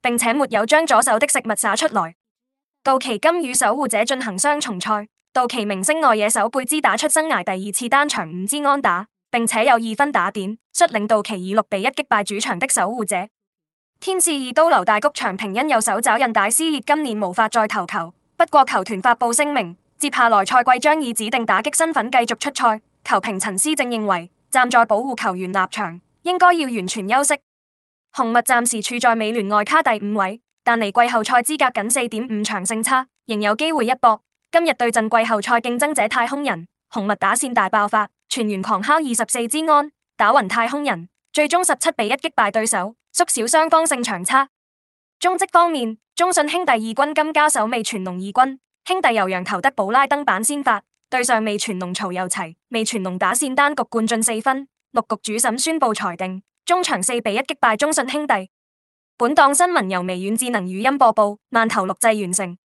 並且沒有將左手的食物灑出來。道奇今與守護者進行雙重賽，道奇明星外野手貝茲打出生涯第二次單場五支安打，並且有二分打點，率領道奇以六比一擊敗主場的守護者。天使二刀流大谷翔平因右手肘韌帶撕裂，今年無法再投球。不過球團發布聲明，接下來賽季將以指定打擊身份繼續出賽。球評陳思正認為，站在保護球員立場，應該要完全休息。紅襪暫時處在美聯外卡第五位，但離季後賽資格僅四點五場勝差，仍有機會一搏。今日對陣季後賽競爭者太空人，紅襪打線大爆發，全員狂敲二十四支安，打暈太空人，最終十七比一擊敗對手，縮小雙方勝場差。中職方面，中信兄弟二軍今交手味全龍二軍，兄弟由洋投德保拉登板先發，對上味全龍曹佑齊，味全龍打線單局灌進四分，六局主審宣布裁定。中場四比一擊敗中信兄弟，本檔新聞由微軟智能語音播報，慢投錄製完成。